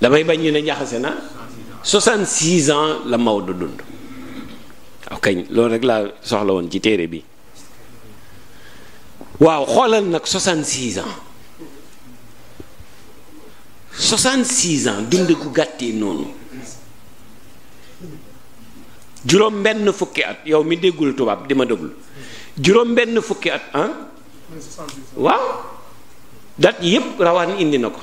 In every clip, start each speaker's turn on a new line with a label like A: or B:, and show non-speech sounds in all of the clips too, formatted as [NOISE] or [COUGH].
A: damay bañ ñu ne jaxase na 66 ans la Maodo dund waaw kañ loolu rek laa soxla woon ci téere bi waaw xoolal nag 66 ans 66 ans dund gu gàttee noonu juróom benn fukki at yow mi déggul tubaab di ma déglu juróom benn fukki at ah waaw dat yépp rawaan indi na ko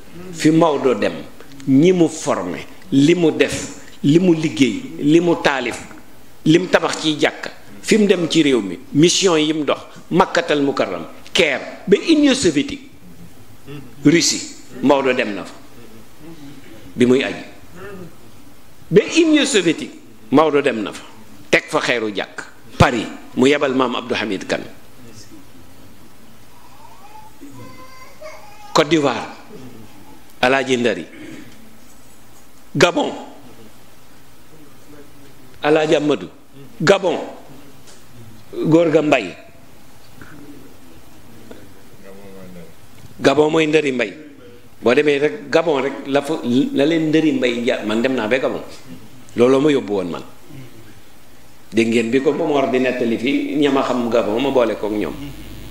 A: fi Maodo dem ñi mu formé li mu def li mu liggéey li mu taalif li mu tabax ciy jàkk fi dem ci réew mi mission yi mu dox makkatal mukarram keer ba Union soviétique Russie Maodo dem na fa bi muy aji ba Union soviétique Maodo dem na fa teg fa xeeru jàkk Paris mu yebal maam Abdou Hamid Kane Côte d'Ivoire alaaji ndari gabon alaaji amadou gabon góor ga mbay gabon mooy ndari mbay boo demee rek gabon rek la la leen ndëri mbay ja man dem naa ba gabon looloo ma yóbbu woon man dégg ngeen bi ko ba moor di nettali fii ñama xam gabon ma boole kook ñoom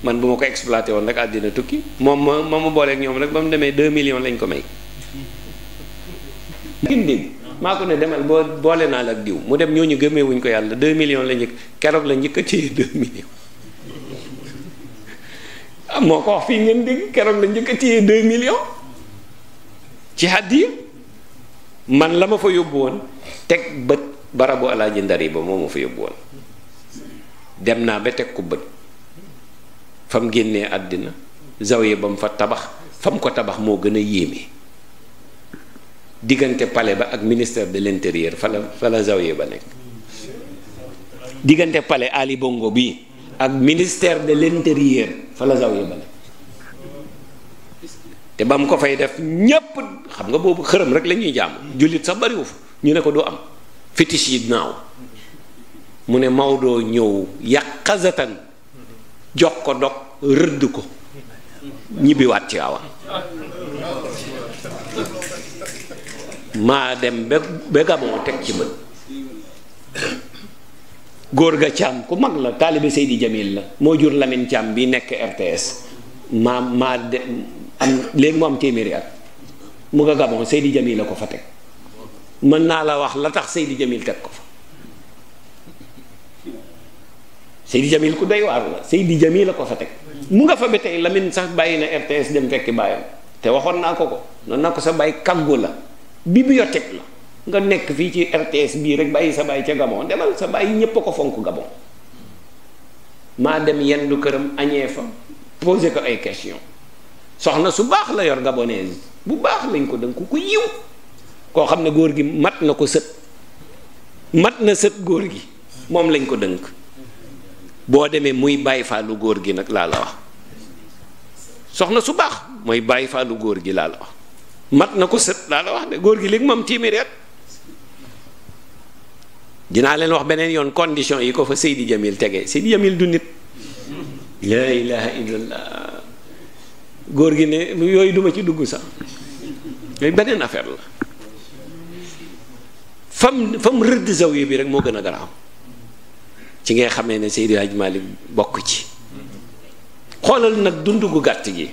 A: man bu ma ko exploité woon rek àddina tukki moom ma ma ma booleeg ñoom rek ba mu demee 2 millions lañ ko may. ngeen dégg maa ko ne demal boo boole naa la ak diw mu dem ñooñu gëmee wuñ ko yàlla 2 millions la njëkk keroog la jëkk a téye 2 millions. ah moo ko wax fii ngeen dégg la njëkk a téye 2 millions ci hadiya man la ma fa yóbbu woon teg bët barabu alaaji ndar yi ba moo ma fa yóbbu woon dem naa ba teg ko bët. fa mu génnee àddina zawiya ba mu fa tabax fa mu ko tabax moo gën a yéeme diggante pale ba ak ministère de l'intérieur fa la fa la ba nekk diggante pale Ali Bongo bi ak ministère de l'intérieur fa la zawiya ba nekk te ba mu ko fay def ñépp xam nga boobu xërëm rek la ñuy jàmm jullit sax bariwu ñu ne ko du am fétiche yi naaw mu ne Maodo ñëw yàqazatan jox ko dog rëdd ko ñibbiwaat ci awa maa dem ba ba Gabon teg ci bët góor ga Thiam ku mag la taalibe Seydi Jamil la moo jur Lamine Thiam bi nekk RTS maa maa de am léegi mu am téeméeri at mu nga Gabon Seydi Jamil la ko fa teg mën naa la wax la tax Seydi Jamil teg ko fa Seydi Jamil ku doy waar la Seydi Jamil la ko fa teg mu nga fa ba tey Lamine sax bàyyi na RTS dem fekki baayam te waxoon naa ko ko naa sa bàyyi kàggu la bibliothèque la nga nekk fii ci RTS bii rek bàyyi sa bàyyi ca Gabon demal sa bàyyi ñépp a ko fonk Gabon maa dem yendu këram añee fa posé ko ay question soxna su baax la yor gabonaise bu baax lañ ko dënku ku yiw koo xam ne góor gi mat na ko sët mat na sët góor gi moom lañ ko dënk boo demee muy bàyyi faalu góor gi nag laa la wax soxna su baax mooy bàyyi faalu góor gi laa la wax mat na ko sët laa la wax de góor gi léegi moom téeméeri at dinaa leen wax beneen yoon condition yi ko fa Seydi Jamil tege Seydi Jamil du nit laa ilaha illallah góor gi ne yooyu duma ci dugg sax yooyu beneen affaire la fam fam rëdd zawiya bi rek moo gën a garaaw ci ngay xame ne Seydi Hadj Malick bokk ci xoolal nag dund gu gàtt gi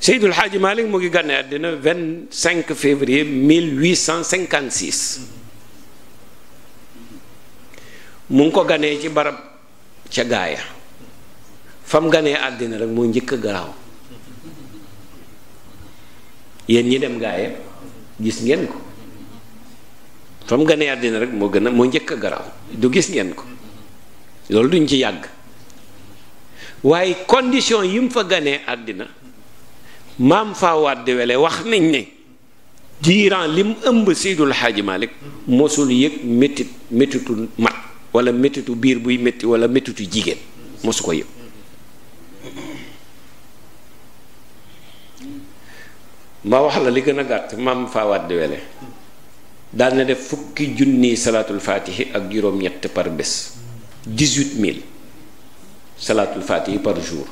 A: Seydul Hadj Malick mu ngi gànne àddina 25 février 1856 mu ngi ko ganee ci barab ca gaaya fam ganee àddina rek moo njëkk a garaaw yéen ñi dem gaaya gis ngeen ko fam ganee àddina rek moo gën a moo njëkk a garaaw du gis ngeen ko loolu duñ ci yàgg waaye condition yi mu fa ganee àddina maam Fawade Wele wax nañ ne diiran li ëmb Seydul Xaaji Malik mosul yëg métit métitu mat wala métitu biir buy métti wala métitu jigéen mosu ko yëg ma wax la li gën a gàtt maam Fawade Wele daan na def fukki junni salaatul faatihi ak juróom-ñett par bés dix-huit mille salaatul faatihi par jour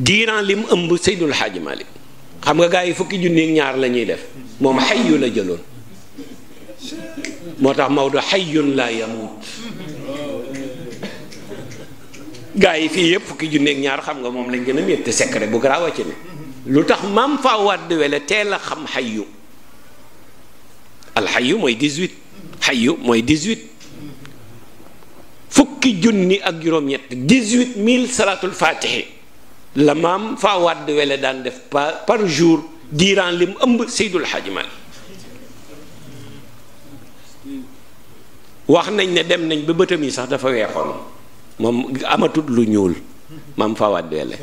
A: diiran lim ëmb Seydul Xaaji Malik xam nga gaa yi fukki junni ñaar la ñuy def moom xayyu la jëloon moo tax Maodo xayyun la yamuut gaa yi fii yëpp fukki junni ak ñaar xam nga moom lañ gën a métti te secret bu garaaw a ci ne lu tax maam faa wàdd wele teel a xam xayyu alxayyu mooy xayu mooy 18 fukki junni ak juróom-ñett 18000 salaatul faatihi la maam faa wàdd wele daan def par par jour diiran li mu ëmb Seydul xaj Maalik wax nañ ne dem nañ ba bëtam yi sax dafa weexoon moom amatut lu ñuul maam faa wàdd wele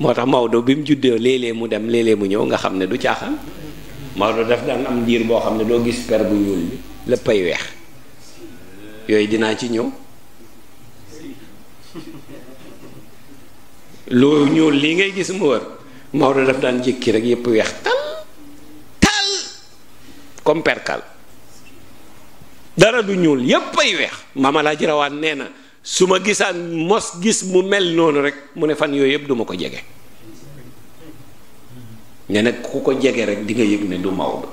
A: moo tax Maodo bi mu juddee léeg mu dem léeg mu ñëw nga xam ne du caaxaan Maodo daf daan am diir boo xam ne doo gis per bu ñuul bi léppay weex yooyu dinaa ci ñëw loo ñuul lii ngay gis mu wër Maodo daf daan jékki rek yépp weex tal tal comme perkal dara du ñuul yépp ay weex Maam Laaji Rawaan nee na su ma gisaan mos gis mu mel noonu rek mu ne fan yooyu yëpp duma ko jege ne nag ku ko jege rek di nga yëg ne du Maodo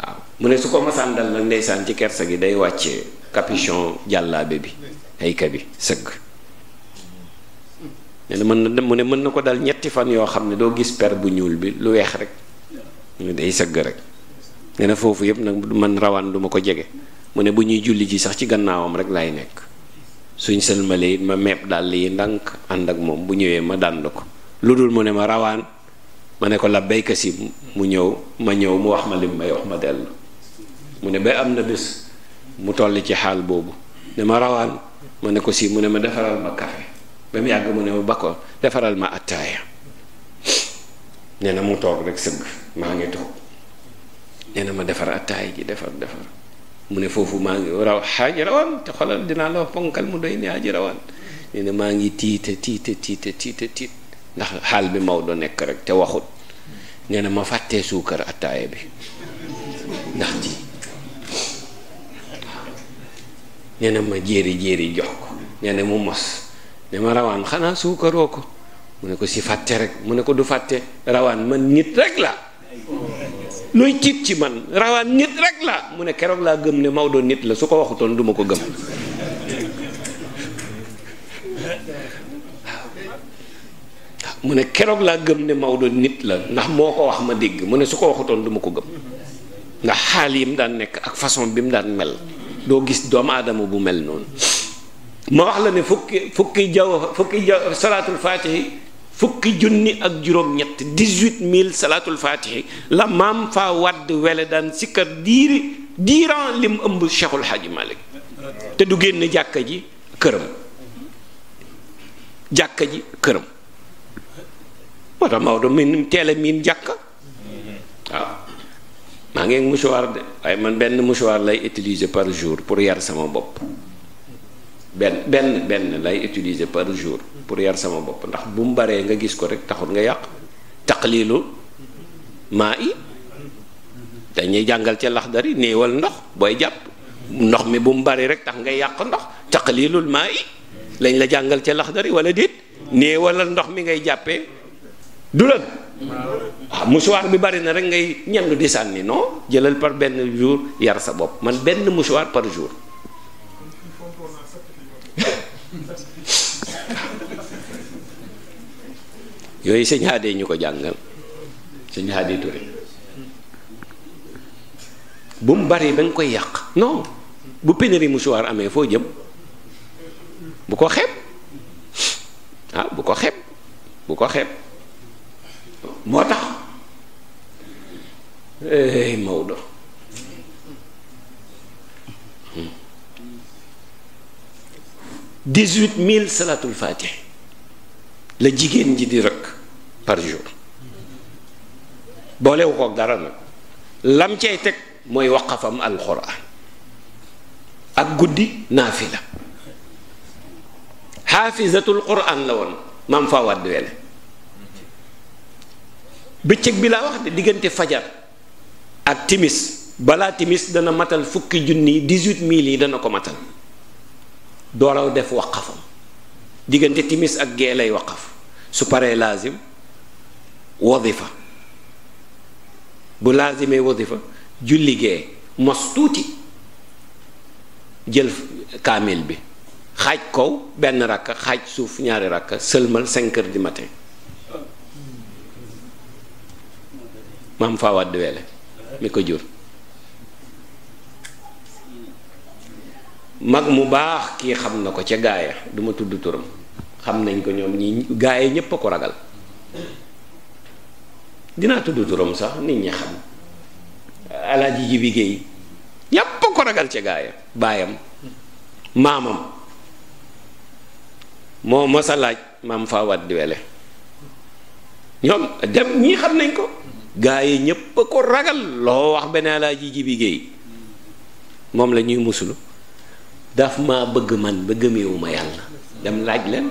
A: waaw mu ne su ko masaan dal nag ndeysaan ci kersa gi day wàcce capuchon jàllaabe bi hayka bi sëgg ne na mën na mu ne mën na ko dal ñetti fan yoo xam ne doo gis per bu ñuul bi lu weex rek day sëgg rek ne na foofu yëpp nag man rawaan duma ko jege mu ne bu ñuy julli ci sax ci gannaawam rek laay nekk suñ sëlmalee it ma meeb dàll yi ndànk ànd ak moom bu ñëwee ma dànd ko lu dul mu ne ma rawaan ma ne ko la béykat si mu ñëw ma ñëw mu wax ma lim may wax ma dellu mu ne ba am na bés mu toll ci xaal boobu ne ma rawaan ma ne ko si mu ne ma defaral ma kafe ba mu yàgg mu ne ma bakkoon defaral ma attaaya nee na mu toog rek sëgg maa ngi toog nee na ma defar attaaya ji defar defar mu ne foofu maa ngi raw xaaji rawaan te xolal dinaa la wax ponkal mu doy ni xaaji rawaan ne na maa ngi tiite tiite tiit tiite tiit ndax xaal bi Maodo nekk rek te waxut nee na ma fàttee suukar attaaya bi ndax ji nee na ma jéeri jéeri jox ko nee mu mos ne ma rawaan xanaa suukaroo ko mu ne ko si fàtte rek mu ne ko du fàtte rawaan man nit rek la looy tiit ci man rawaan nit rek la mu ne keroog laa gëm ne Maodo nit la su ko waxutoon duma ko gëm mu ne keroog laa gëm ne Maodo nit la ndax moo ko wax ma dégg mu ne su ko waxutoon duma ko gëm ndax xaal yi mu daan nekk ak façon bi mu daan mel doo gis doomu aadama bu mel noonu ma wax la ne fukki fukki jaw fukki jaw salaatul faatihi fukki junni ak juróom-ñett dix-huit mille salaatul faatihi la maam faa wadd wele daan sikkar diiri diiran lim ëmb Cheikhul Hadji Malick te du génn jàkka ji këram jàkka ji këram moo tax Maodo miin miin jàkka waaw maa ngi mouchoir de waaye man benn mouchoir lay utiliser par jour pour yar sama bopp benn benn lay utiliser par jour pour yar sama bopp ndax bu mu baree nga gis ko rek taxul nga yàq taqlilu maa i dañuy jàngal ca laxdari néewal ndox booy jàpp ndox mi bu mu baree rek tax nga yàq ndox taqlilul maa i lañ la jàngal ca laxdari wala déet néewalal ndox mi ngay jàppee du la musuwaar bi bari na rek ngay ñendu di sànni non jëlal par benn jour yar sa bopp man benn mouchoir par jour [LAUGHS] yooyu sëñ ñu ko jàngal sëñ Hadé Touré bu mu bari ba nga koy yàq non bu pénurie mouchoir amee foo jëm bu ko xeeb ah bu ko xeeb bu ko xeeb moo tax eh Maodo huit mille salaatul faati la jigéen ji di rëkk par jour boolewu kook dara nag lam cay teg mooy waqafam alxuraan ak guddi naafila xaafizatul quraan la woon maam faa wàdd bëccëg bi laa wax de diggante fajar ak timis balaa timis dana matal fukki junni 18000 yi dana ko matal dooraw def waqafam diggante timis ak gee lay waqaf su paree laazim wadifa bu laazimee wadifa julli gee mos tuuti jël kaamil bi xaaj kaw benn rakka xaaj suuf ñaari rakka sëlmal 5 heures du matin maam Fawad Wele mi ko jur mag mu baax kii xam na ko ca gaaya duma tudd turam xam nañ ko ñoom ñi gaaya ñépp a ko ragal dinaa tudd turam sax nit ñi xam alaaji ji liggéey ñépp a ko ragal ca gaaya baayam maamam moo mosa laaj maam Fawad Wele ñoom dem ñii xam nañ ko gaa yi ñépp ko ragal loo wax beneen laa ji jibi géey moom la ñuy musulu daf ma bëgg man ba gëmeewuma yàlla dem laaj leen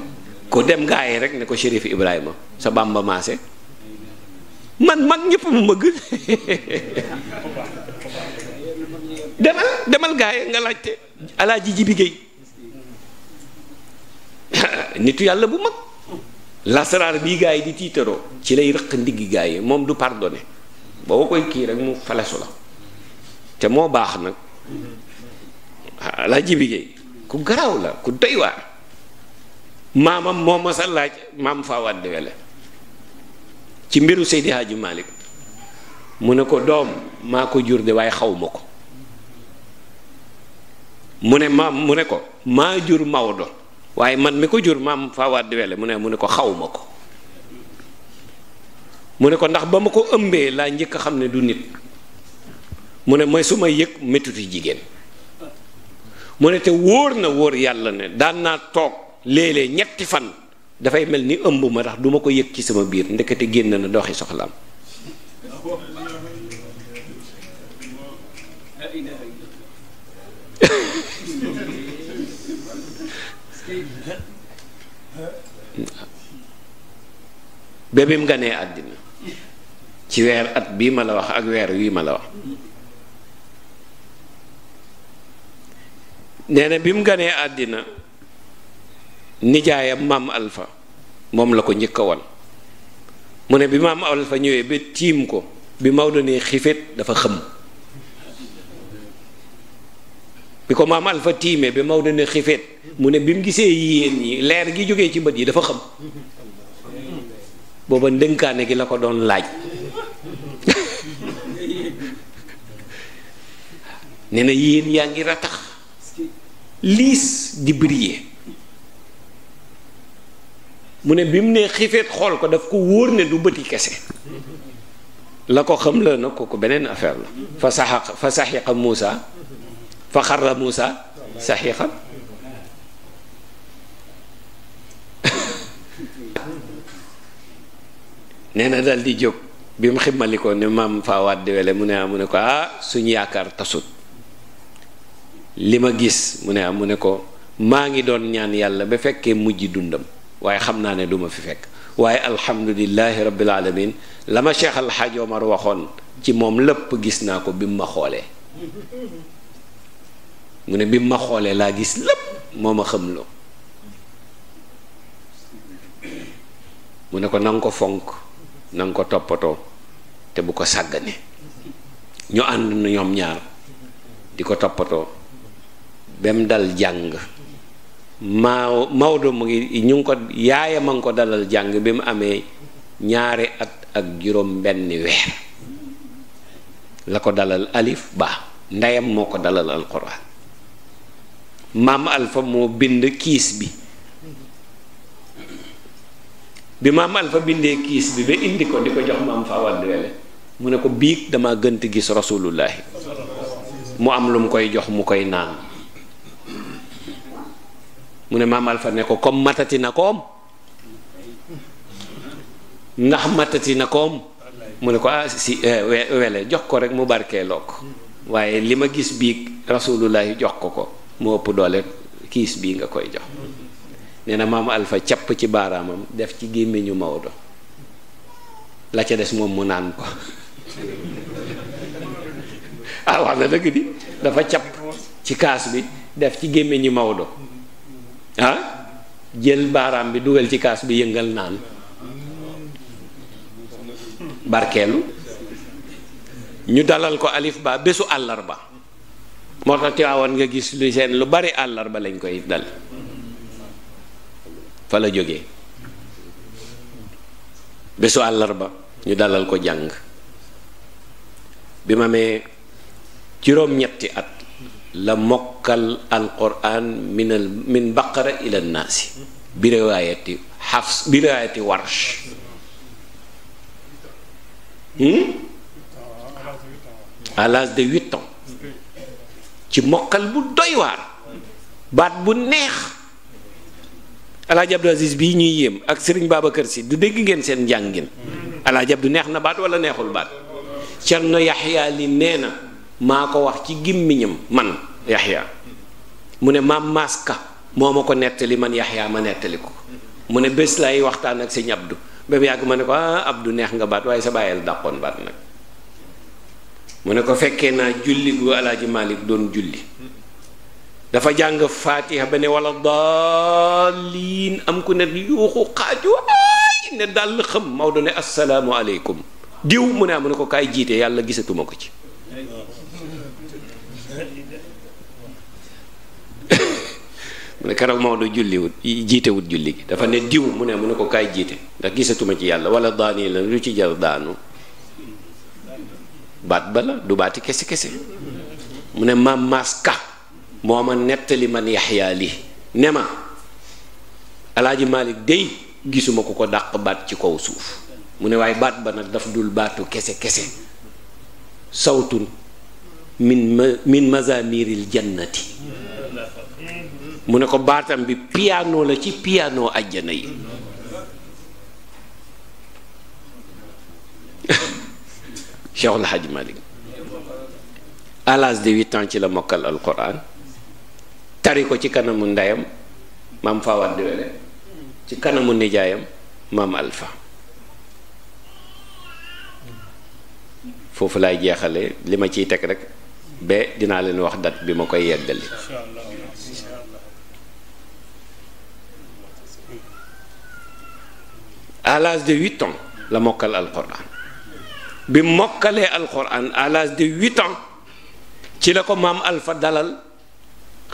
A: ku dem gaa yi ne ko shérif ibrahima sa bàmba maase man mag ñépp mu bëgg [LAUGHS] demal demal gaa yi nga laajte alaaji jibi géey [LAUGHS] nitu yàlla bu mag lasaraar bii gaa yi di tiitaroo ci lay rëq ndiggi gars yi moom du pardonné boo koy kii rek mu falesu la te moo baax nag laa jibigéey ku garaaw la ku doy waar maamam moo masa laaj maam faa wadde ci mbiru Seydi Hadji Malick mu ne ko doom maa ko jur de waaye xaw ma ko mu ne ma mu ne ko maa jur Maodo waaye man mi ko jur maam Fawade Wele mu ne mu ne ko xaw ma ko mu ne ko ndax ba ma ko ëmbee laa njëkk a xam ne du nit mu ne may suma ma yëg mettuti jigéen mu ne te wóor na wóor yàlla ne daan naa toog léeg ñetti fan dafay mel ni ëmb ma ndax du ma ko yëg ci sama biir ndekete génn na doxi soxlaam ba bi mu ganee àddina ci weer at bii ma la wax ak weer wii ma la wax nee na bi mu ganee àddina nijaayam maam alfa moom la ko njëkk wan mu ne bi maam Alpha ñëwee ba tiim ko bi Maodo nee xifet dafa xëm bi ko maam Alpha tiimee ba Maodo nee xifet mu ne bi mu gisee yéen ñi leer gi jógee ci bët yi dafa xëm. booba ndënkaane gi la ko doon laaj [LAUGHS] nee na yéen yaa ngi ratax liis di briller mu ne bi mu nee xifeet xool ko daf ko wóor ne du bëti kese la ko xam la na kooku beneen affaire la fa saxaq fa saxiqa Muusa fa xarra Muusa saxiqan nee na dal di jóg bi mu ximmalikoo ne maam faawaat di wele mu ne ah mu ne ko ah suñu yaakaar tasut li ma gis mu ne ah mu ne ko maa ngi doon ñaan yàlla ba fekkee mujj dundam waaye xam naa ne duma fi fekk waaye alhamdulilahi rabbil alamin la ma seexal Al Hadj waxoon ci moom lëpp gis naa ko bi mu ma xoolee mu ne bi mu ma xoolee laa gis lépp moo ma xamloo mu ne ko nanga ko fonk nanga ko toppatoo te bu ko sàggane ñu ànd na ñoom ñaar di ko toppatoo ba mu dal jàng maa Maodo mu ngi ñu ngi ko yaaya ma ngi ko dalal jàng bi mu amee ñaari at ak juróom benn weer la ko dalal alif ba ndeyam moo ko dalal alxuraan maam Alfa moo bind kiis bi bi maam fa bindee kiis bi ba indi ko di ko jox maam Fawad Wele mu ne ko biig dama gënt gis rasulullahi mu am lu mu koy jox mu koy naan mu ne maam Alfa ne ko comme matati na koom ndax matati na koom mu ne ko ah si eh, wele jox ko rek mu barkeeloo ko waaye li ma gis biig rasulullahi jox ko ko mu ëpp doole kiis bii nga koy jox nee na maam Alpha capp ci baaraamam def ci gémmiñu Maodo la ca des moom mu naan ko
B: [LAUGHS]
A: ah wax na dëgg di dafa capp ci kaas bi def ci gémmiñu Maodo ah jël baaraam bi dugal ci kaas bi yëngal naan barkeelu ñu dalal ko alif ba bésu àllarba moo tax Tiwaawan nga gis lu seen lu bari àllarba lañ koy dal fa la jógee bésu àllarba ñu dalal ko jàng bi ma mee juróom-ñetti at la mokkal alquran min min baqara ila naasi bi riwaayati xafs bi riwaayati warsh hmm? à l'âge de huit ans ci mokkal bu doy waar baat bu neex Alaaji Abdou Aziz bii ñuy yéem ak Serigne kër si du dégg ngeen seen njàngin Alaaji Abdou neex na baat wala neexul baat Cerno Yaxya li nee na maa ko wax ci gémmiñam man Yaxya mu ne maam Maska moo ma ko nettali man Yaxya ma nettali ko mu ne bés lay waxtaan ak sëñ Abdou ba yàgg ma ne ko ah Abdou neex nga baat waaye sa bàyyil dàqoon baat nag mu ne ko fekkee naa julli gu Alaaji doon julli dafa jàng faatiha ba ne wala daaliin am ku ne yuuxu xaaju ay ne dal xam Maodo ne assalaamu aleykum diw mu ne am ne ko kaay jiite yàlla gisatuma ko ci [LAUGHS] mu ne keroog Maodo julliwut jiitewut julli gi dafa ne diw mu ne mu ne ko kaay jiite ndax gisatuma ci yàlla wala daani la lu ci jar daanu baat ba la du baati kese kese mu ne maam maas moo ma nettali man yaxyaa ne ma alaaji Malick dey gisuma ku ko dàq baat ci kaw suuf mu ne waaye baat ba nag daf dul baatu kese kese sawtun min ma mazamiril jannati mu ne ko baatam bi piano la ci piano àjjana yi [LAUGHS] Cheikh El Hadj Malick de huit ans ci la mokkal alquran tari ko ci kanamu ndeyam maam Fawad Diwele ci kanamu nijaayam maam alfa foofu lay jeexale li ma ciy teg rek ba dinaa leen wax dat bi ma koy yeggali à de huit ans la mokkal alquran bi mokkalee alquran à de huit ans ci la ko maam Alpha dalal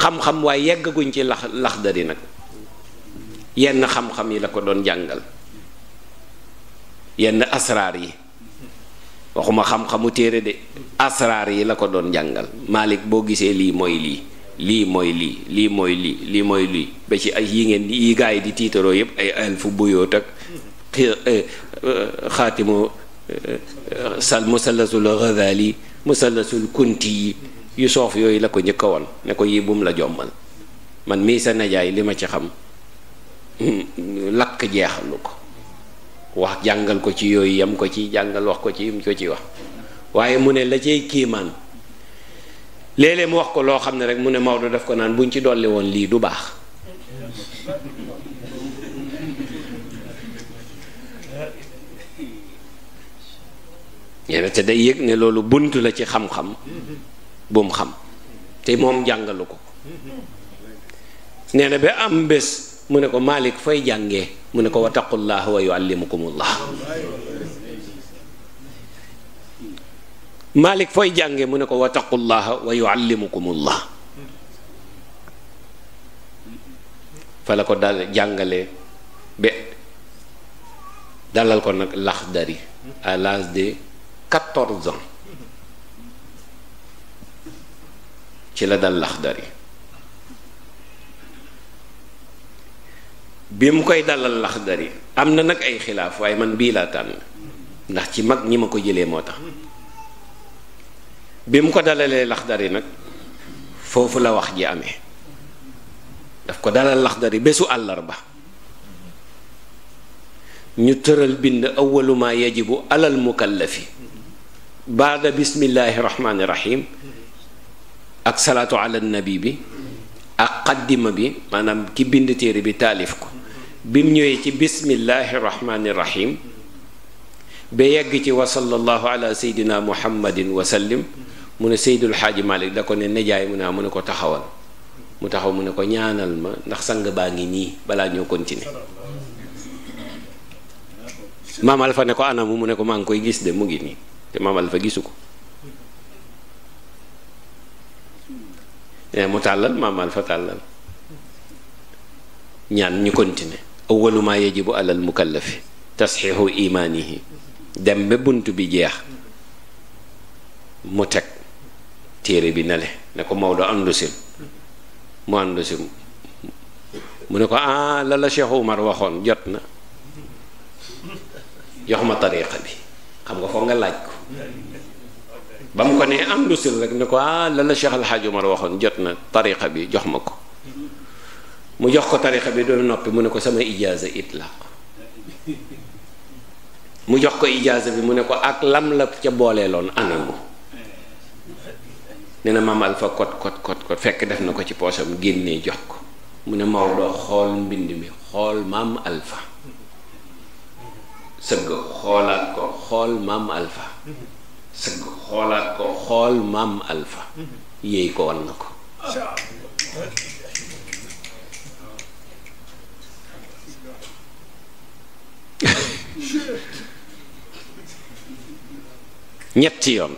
A: xam-xam waaye yeggaguñ ci lax laxdari nag yenn xam-xam yi la ko doon jàngal yenn asraar yi waxuma xam-xamu téere de asraar yi la ko doon jàngal Malik boo gisee lii mooy lii lii mooy lii lii mooy lii lii mooy lii ba ci ay yi ngeen yi gaa yi di tiitaroo yépp ay alfu buyoot ak eh, eh, xaatimu eh, sal musalasul Ghazali musalasul kunti yi yu soof yooyu la ko njëkk a woon ne ko yii bum la jommal man mii sa najaay li ma ci xam [LAUGHS] lakk jeexalu ko wax jàngal ko ci yooyu yam ko ci jàngal wax ko ci yam ko ci wax waaye mu ne la cay kiimaan léeg-léeg mu wax ko loo xam ne rek mu ne Maodo def ko naan buñ ci dolli woon lii du baax ñene [LAUGHS] te day yëg ne loolu bunt la ci xam-xam bu mu xam te moom jàngalu ko nee na ba am bés mu ne ko Malick fooy jàngee mu ne ko wattaqullaah wa yuallimukumullah Malick fooy jàngee mu ne ko wattaqullaah wa yuallimukumullah fa la ko dal jàngale ba dalal ko nag lax à l'âge de quatorze ans ci la dal laxdari bi mu koy dalal laxdari am na nag ay xilaaf waaye man bii laa tànn ndax ci mag ñi ma ko jëlee moo tax bi mu ko dalalee laxdari nag foofu la wax ji amee daf ko dalal laxdari bésu àllarba ñu tëral bind awwalu ma yajibu alal mukallafi baada bismillahi rahmaani rahim ak salaatu ala nabi bi ak xaddima bi maanaam ki bind téere bi taalif ko bi mu ñëwee ci bismillahi rahmaani rahim ba yegg ci wa sallallahu ala seydina muhammadin wa mu ne seydul xaaji malik da ko ne nejaay mu ne ah, mu ne ko taxawal mu taxaw mu ne ko ñaanal ma ndax sang baa ngi nii balaa ñëw kontine maam Alfa ne ko anamu mu ne ko maa ngi koy gis de mu ngi nii te maam fa gisu ko Eh, mu tàllal maam Alfa tàllal ñaan ñu continuer awwalu maa yajibu alal mukallafi tasxiixu imaanihi dem ba bunt bi jeex mu teg téere bi nale ne ko Maodo àndu sil mu àndu mu ne ko ah la la Cheikh waxoon jot na jox ma tariqa bi xam nga foog nga laaj ko ba mu ko nee am lu sil rek ne ko ah la la Cheikh Al Hadj Omar waxoon jot na tariqa bi jox ma ko mu jox ko tariqa bi doo noppi mu ne ko sama ijaaza itlaq mu jox ko ijaaza bi mu ne ko ak lam la ca booleeloon anamu ne na maam Alfa kot kot kot fekk def na ko ci poosam génnee jox ko mu ne Maodo xool mbind mi xool maam Alfa sëgg xoolaat ko xool maam Alfa sëgg xoolaat ko xool maam alfa yéey ko wan na ko ñetti yoon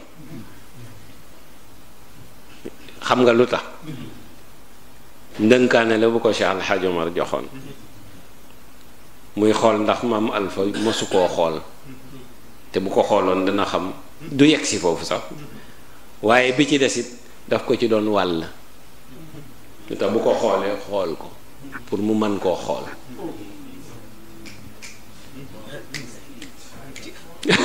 A: xam nga lu tax ndënkaane la bu ko Cheikh Al Hadj joxoon muy xool ndax maam alfa mosu koo xool te bu ko xooloon dina xam du yegg si foofu sax waaye bi ci desit daf ko ci doon wàll lu tax bu ko xoolee xool ko pour mu mën koo xool [LAUGHS]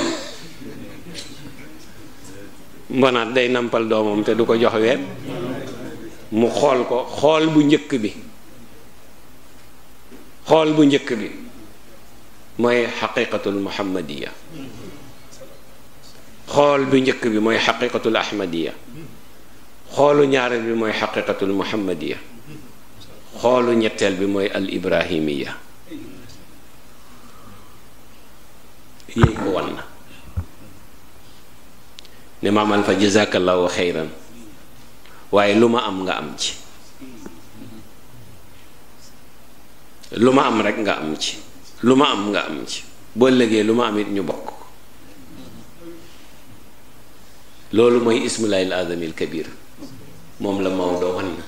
A: mbonaat day nampal doomam te du ko jox ween mu xool ko xool bu njëkk bi xool bu njëkk bi mooy xaqiqatul muhammadiya xool bu njëkk bi mooy xaqiqatul ahmadiya xoolu ñaareel bi mooy xaqiqatul muhammadiya xoolu ñetteel bi mooy al ibrahimiya yéeg ko wan na ne maam Alfa jazakallahu xeyran waaye lu ma am nga am ci lu ma am rek nga am ci lu ma am nga am ci boo lëgee lu ma am it ñu bokk loolu mooy ismulaay al azamil kabir moom la Maodo wan na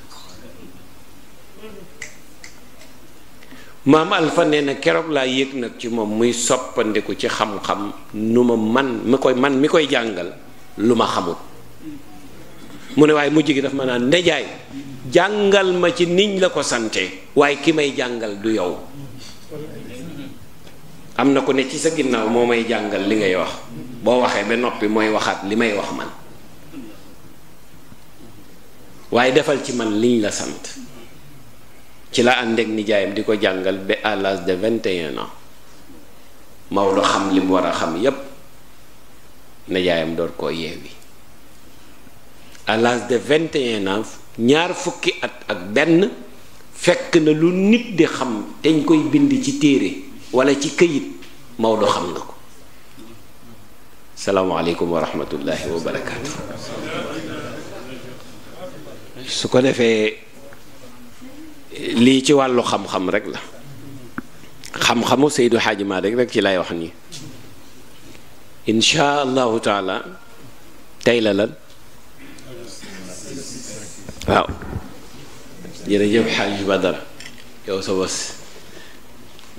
A: maam Alfa na keroog laa yëg nag ci moom muy soppandiku ci xam-xam nu ma man mi koy man mi koy jàngal lu ma xamul mu ne waaye mujj gi daf ma naan ndejaay jàngal ma ci niñ la ko sante waaye ki may jàngal du yow am na ko ne ci sa ginnaaw moo may jàngal li ngay wax boo waxee ba noppi mooy waxaat li may wax man waaye defal ci man liñ la sant ci la ànd ak nijaayam di ko jàngal ba à l'âge de vingt Maodo xam war a xam yépp nijaayam door koo yeewi à l'âge de vingt et ñaar fukki at ak benn fekk na lu nit di xam te ñu koy bind ci téere wala ci këyit Maodo xam nga ko salaamaaleykum wa rahmatullahi wa su ko defee lii ci wàllu xam-xam rek la xam-xamu Seydou Hadji Malick rek ci lay wax nii incha allahu taala tey la lan waaw jërëjëf Hadji Badara yow sa bos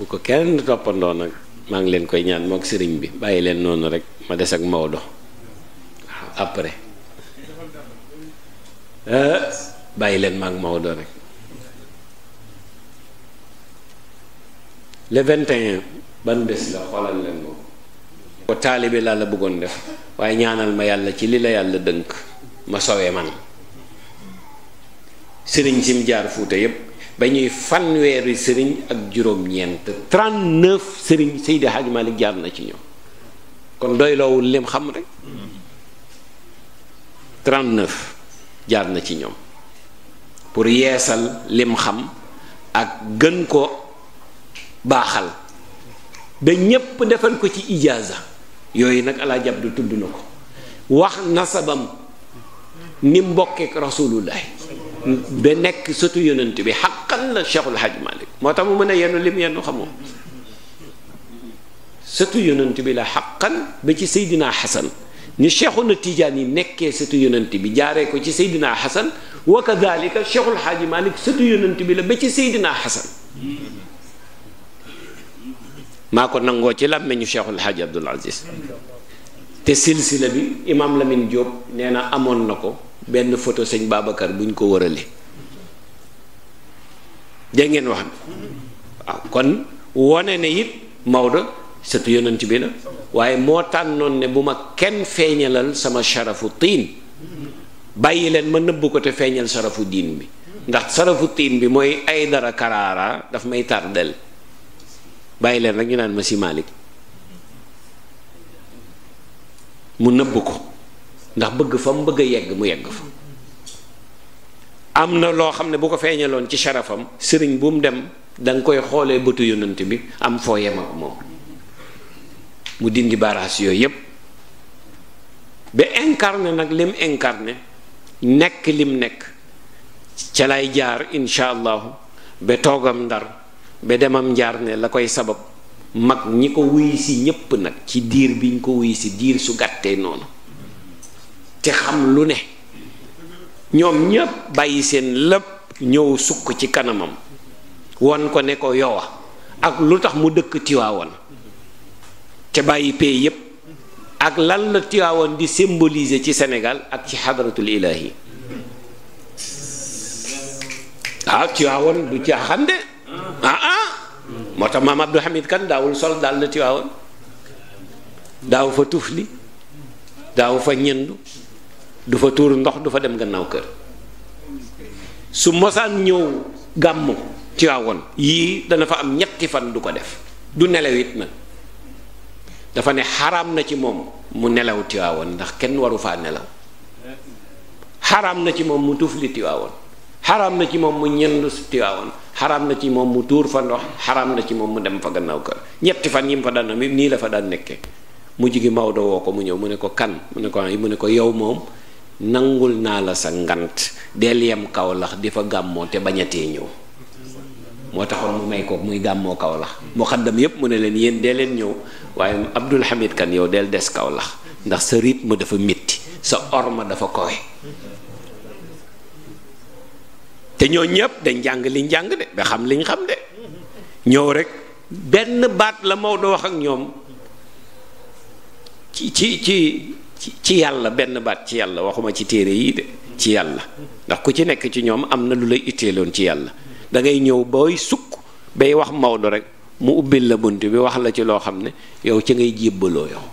A: bu ko kenn toppandoo nag maa ngi leen koy ñaan mook sëriñ bi bàyyi leen noonu rek. ma des ak Maodo après euh, bàyyi leen ma ak Maodo rek le 21 ban bés la xoolal leen moom. ko taalibe laa la bëggoon def waaye ñaanal ma yàlla ci li la yàlla dënk ma sowee man sëriñ sim jaar fuute yépp ba ñuy fanweeri sëriñ ak juróom-ñeent 39 sëriñ Seydi Hadji Malick jaar na ci ñoom. kon doyloowul lim xam rek 39 jaar na ci ñoom pour yeesal lim xam ak gën ko baaxal ba ñépp defal ko ci ijaaza yooyu nag alaa jab du tudd na ko wax nasabam ni mbokkeek rasulullahi ba nekk sëtu yonent bi xaqan la Cheikhul Hajj Malik moo tax mu mën a yenu lim yenu xamoo sëtu yonent bi la xaqan ba ci Seydina Xasan ni Cheikhuna tiijaan yi nekkee sëtu yonent bi jaaree ko ci Seydina Xasan wa kadalika Cheikhul Xaaji Malik sëtu yonent bi la ba ci Seydina Xasan maa ko nangoo ci làmmeñu Cheikhul Xaaji Abdul Aziz te silsila bi imaam Lamine Diop nee na amoon na ko benn photo sëñ Babacar buñ ko war a ngeen wax waaw kon wone ne it Maodo. sëtu yonent bi la waaye moo tànnoon ne bu ma kenn feeñalal sama sharafu tiin bàyyi leen ma nëbb ko te feeñal sarafu diin bi ndax sarafu tiin bi mooy ay dara karaara dafa may tardel bàyyi leen rek ñu naan ma si Malick mu nëbb ko ndax bëgg fa mu bëgg a yegg mu yegg fa am na loo xam ne bu ko feeñaloon ci sharafam sëriñ bu mu dem danga koy xoolee bëtu yonent bi am foo yem ak moom mu dindi baaraas yooyu yépp ba incarné nag lim incarne nekk lim nekk ca lay jaar incha ba toogam ndar ba demam njaar ne la koy sabab mag ñi ko wuy si ñépp nag ci diir biñ ko wuy si diir su gàttee noonu te xam lu ne ñoom ñépp bàyyi seen lépp ñëw sukk ci kanamam wan ko ne ko yowa ak lu tax mu dëkk Tiwaawan te bàyyi pays yépp ak lan la Tiwaawan di symboliser ci senegal ak ci xadratul ilaahi waaw ah, Tiwaawan du caaxaan de ah ah moo tax maam daawul sol daal daaw fa tufli daaw fa ñendu du fa tuur ndox du fa dem gannaaw kër su mosaan ñëw gàmmu Tiwaawan yii dana fa am ñetti fan du ko def du nelawit nag dafa ne xaram na ci moom mu nelaw tiwaawoon ndax kenn waru faa nelaw xaram na ci moom mu tufli tiwaawoon xaraam na ci moom mu ñendu tiwaawoon xaraam na ci moom mu tuur fa ndox xaram na ci moom mu dem fa gannaaw kër ñetti fan yi mu fa nii la fa daan nekkee mu jigi Maodo woo ko mu ñëw mu ne ko kan mu ne ko mu ne ko yow moom nangul naa la sa ngant del yem kawlax di fa gàmmoo te bañatee ñëw moo taxoon mu may ko muy gàmmoo Kaolack xaddam yépp mu ne leen yéen dee leen ñëw waaye Abdul Hamid kan yow del des Kaolack ndax sa ma dafa metti sa orma dafa kowe te ñoo ñëpp dañ jàng liñ jàng de ba xam liñ xam de ñëw rek benn baat la Maodo wax ak ñoom ci ci ci ci yàlla benn baat ci yàlla waxuma ci téere yii de ci yàlla ndax ku ci nekk ci ñoom am na lu lay itteeloon ci yàlla dangay ñëw booy sukk bay wax Maodo rek mu ubbil la bunt bi wax la ci loo xam ne yow ci ngay jébbaloo yow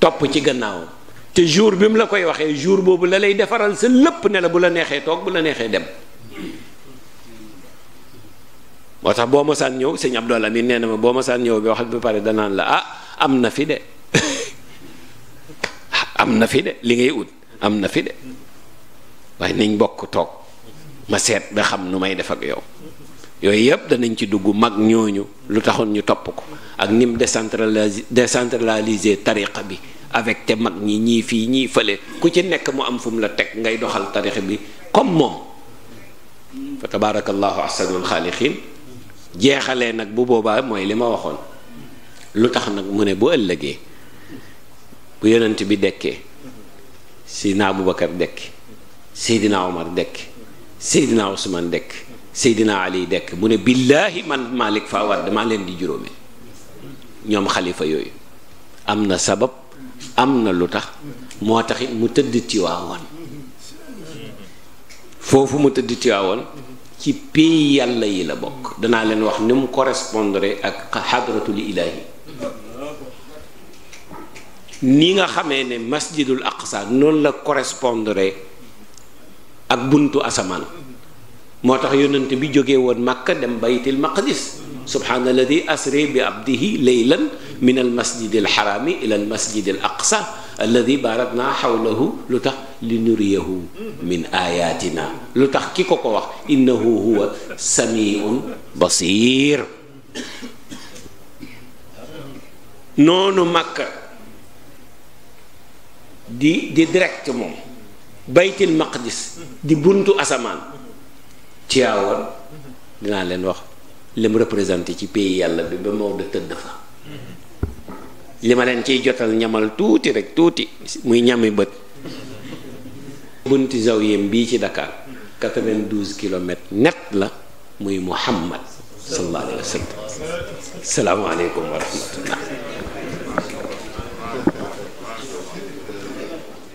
A: topp ci gannaawam te jour bi mu la koy waxee jour boobu la lay defaral sa lépp ne la bu la neexee toog bu la neexee dem moo tax boo masaan ñëw sëñ Abdoul Amin nee na ma boo masaan ñëw bi wax ba pare danaan la ah am na fi de [LAUGHS] ah, am na fi de li ngay ut am na fi de waaye nañ bokk toog ma seet ba xam nu may def ak yow yooyu yëpp danañ ci dugg mag ñooñu lu taxoon ñu topp ko ak nim décentralisé décentralisé tariqa bi avec te mag ñi ñii fii ñii fële ku ci nekk mu am fu mu la teg ngay doxal tariqa bi comme moom fa tabarakallahu ahsanul xaaliqin jeexale nag bu boobaa mooy li ma waxoon lu tax nag mu ne bu ëllëgee bu yonent bi dekkee Seydina Abubakar dekki Seydina Omar dekki Seydina Ousmane dekk Seydina Ali dekk mu ne billaahi man Malick Fawad damaa leen di juróomi ñoom xalifa yooyu am na sabab am na lu tax moo taxit mu tëdd Tiwaawan foofu mu tëdd Tiwaawan ci pays yàlla yi la bokk danaa leen wax ni mu correspondre ak xadratul ilaahi ni nga xamee ne masjidul aqsa noonu la correspondre ak buntu asamaan moo tax yonent bi jógee woon makka dem baytil maqdis subhaanalladi asri bi abdihi leylan min al masjid al xaraami ila al masjid al aqsa alladi baaratna xawlahu lu tax li nuriyahu min ayatina lu tax ki ko ko wax innahu huwa samiun basir noonu makka di di direct moom baytil maqdis di buntu asamaan Tiwaawan dinaa leen wax li mu ci pays yàlla bi ba Maodo tëdd fa li ma leen ciy jotal ñamal tuuti rek tuuti muy ñami bët buntu zawiyem bii ci Dakar 92 kilomètres net la muy Muhammad sallallahu alayhi
B: wa